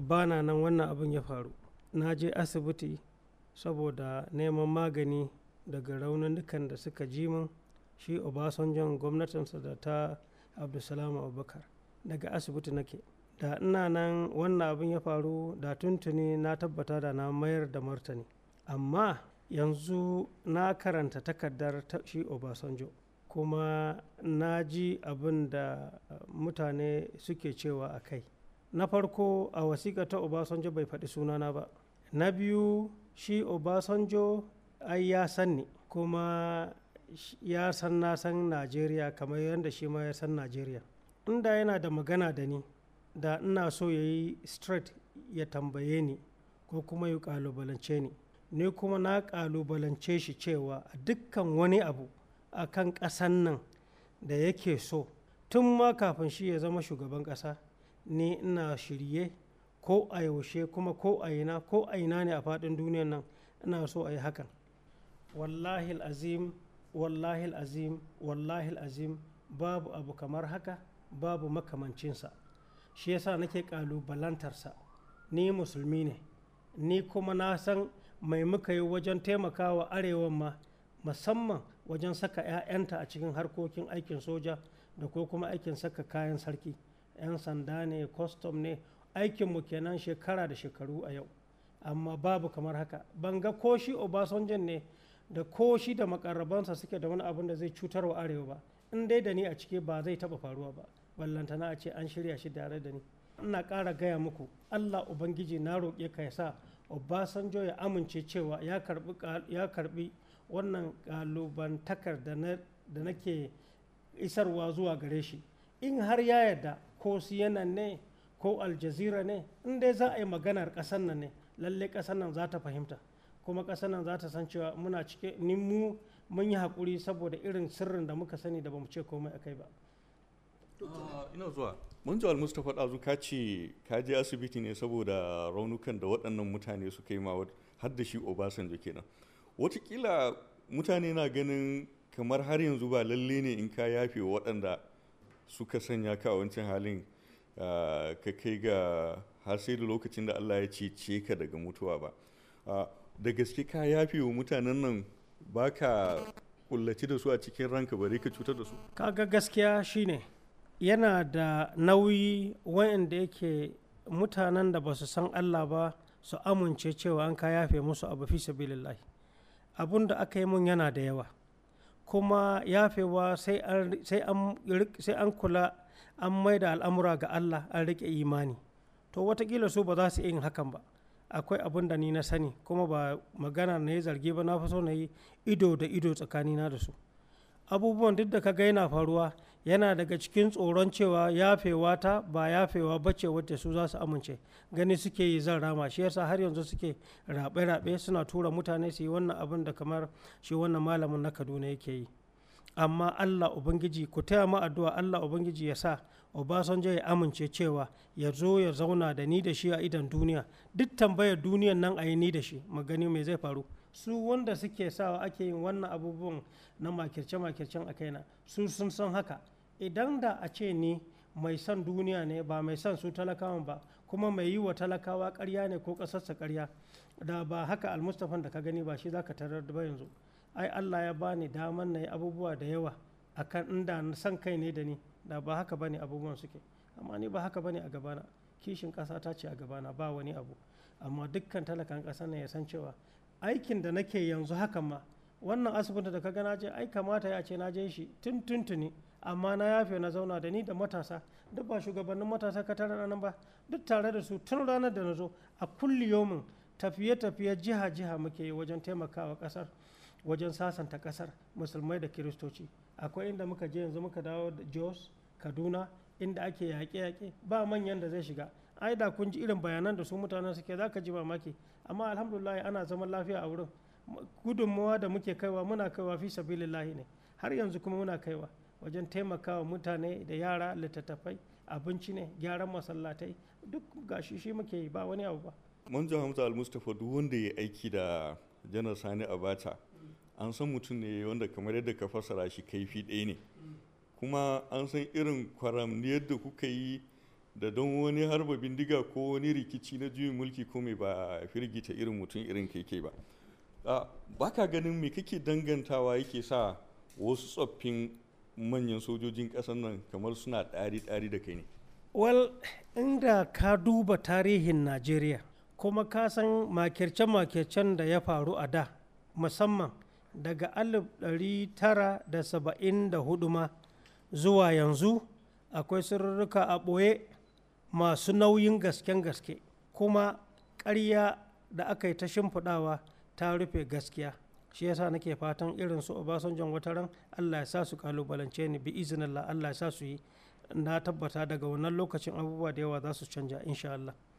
bana nan wannan abin ya faru na je asibiti saboda neman magani daga raununukan da suka ji min shi obasanjon gwamnatinsa da ta abdulsalam abubakar daga asibiti nake da ina nan wannan abin ya faru da tuntuni na tabbata da na mayar da martani amma yanzu na karanta takardar ta shi obasanjo kuma na ji abin da mutane suke cewa a kai na farko a wasiƙa ta obasanjo bai faɗi sunana ba na biyu shi obasanjo ai ya san ni kuma ya san na san najeriya kamar yadda shi ma ya san najeriya inda yana da magana da ni da ina so ya yi straight ya tambaye ni ko kuma ya kalubalance ni ni kuma na kalubalance shi cewa dukkan wani abu a kan ƙasan nan da yake so tun ma kafin shi ya zama shugaban ƙasa ni ina shirye ko a yaushe kuma ko a ina ko a ina ne a faɗin duniyan nan ina so a yi hakan wallahi azim wallahi azim wallahi azim babu abu kamar haka babu makamancinsa shi yasa nake ƙalubalantarsa ni musulmi ne ni kuma na san mai muka yi wajen taimakawa arewan ma musamman wajen saka 'ya'yanta a cikin harkokin aikin soja da ko kuma aikin saka kayan sarki 'yan sanda ne kwastom ne aikinmu kenan shekara da shekaru a yau amma babu kamar haka ban ga ko shi obasanjan ne da ko shi da makarrabansa suke da wani abin da zai cutar wa arewa ba in dai da ni a ciki ba zai taba faruwa ba ballantana a ce an shirya shi dare da ni ina kara gaya muku allah ubangiji na roƙe ka ya sa obasanjo ya amince cewa ya karbi wannan ƙalubantakar da nake isarwa zuwa gare shi in har ya yarda ko cnn ne ko aljazira ne in dai za a yi maganar ƙasar nan ne lalle ƙasar nan za ta fahimta kuma ƙasar nan za ta san cewa muna cike ni mu mun yi haƙuri saboda irin sirrin da muka sani da bamu ce komai akai ba ah, ina zuwa mun ji almustapha ɗazu ka ce ka je asibiti ne saboda raunukan da waɗannan mutane suka yi ma har da shi obasanjo kenan watakila mutane na ganin kamar har yanzu ba lalle ne in ka yafe waɗanda suka sanya ka a wancan halin ka kai ga har sai da lokacin da Allah ya cece ka daga mutuwa ba da gaske ka yafe wa mutanen nan ba ka kullaci da su a cikin ranka bare ka cutar da su kaga gaskiya shine yana da nauyi wayanda yake mutanen da ba su san Allah ba su amince cewa an ka yafe musu abu fi sabilillahi abun da aka yi mun yana da yawa kuma yafewa sai an kula an mai da al'amura ga Allah an rike imani to watakila su ba za su yin hakan ba akwai abin da ni na sani kuma ba magana na yi zargi ba na fi so na yi ido da ido tsakanina da su abubuwan duk da ka ga yana faruwa yana daga cikin tsoron cewa yafewa ta ba yafewa ce wacce su za su amince gani suke yi zan rama shi yasa har yanzu suke rabe-rabe suna tura mutane su yi wannan abin da kamar shi wannan malamin na kaduna yake yi amma allah ubangiji ku taya ma addu'a allah ubangiji ya sa obasanjo ya amince cewa ya zo ya zauna da ni da shi a idan duniya duk tambayar duniyan nan a yi ni da shi mu gani me zai faru su wanda suke sawa ake yin wannan abubuwan na makirce-makircen a kaina su sun san haka idan da a ce ni mai son duniya ne ba mai son su talakawan ba kuma mai yi wa talakawa karya ne ko ƙasarsa karya da ba haka almustafan da ka gani ba shi za ka tarar da yanzu ai allah ya bani daman na yi abubuwa da yawa a kan inda san kai ne da ni da ba haka bane abubuwan suke amma ni ba haka bane a gabana kishin ƙasa ta ce a gabana ba wani abu amma dukkan talakan ƙasa ne ya san cewa aikin da nake yanzu hakan ma wannan asibitin da ka gana je ai kamata ya ce na je shi tun tuntuni amma na yafe na zauna da ni da matasa duk ba shugabannin matasa ka tara nan ba duk tare da su tun ranar da na zo a kulli yomin tafiye-tafiye jiha-jiha muke yi wajen taimakawa kasar wajen sasanta kasar musulmai da kiristoci akwai inda muka je yanzu muka dawo da jos kaduna inda ake yaƙe-yaƙe ba manyan da zai shiga ai da kun ji irin bayanan da su mutanen suke za ka ji mamaki amma alhamdulillah ana zaman lafiya a wurin gudunmawa da muke kaiwa muna kaiwa fi sabilillahi ne har yanzu kuma muna kaiwa wajen taimakawa mutane da yara littattafai abinci ne gyaran masallatai duk gashi shi muke yi ba wani abu ba mun ji hamza al duk wanda ya aiki da janar sani abacha an san mutum ne wanda kamar yadda ka fassara shi kaifi ɗaya ne kuma an san irin kwaram yadda kuka yi da don wani harba bindiga ko wani rikici na juyin mulki ko mai ba firgita irin mutum irin keke ba ba ka ganin me kake dangantawa yake sa wasu tsoffin manyan sojojin ƙasar nan kamar suna ɗari-ɗari da kai ne well inda ka duba tarihin najeriya kuma ka san makirce-makircen da ya faru a da musamman daga 1974 ma zuwa yanzu akwai sirrika a ɓoye masu nauyin gasken gaske kuma karya da aka yi ta shimfiɗawa ta rufe gaskiya shi yasa nake fatan irin su wata wataran allah ya sa su kalubalance ni bi izinillah allah ya sa su yi na tabbata daga wannan lokacin abubuwa da yawa za su canja insha allah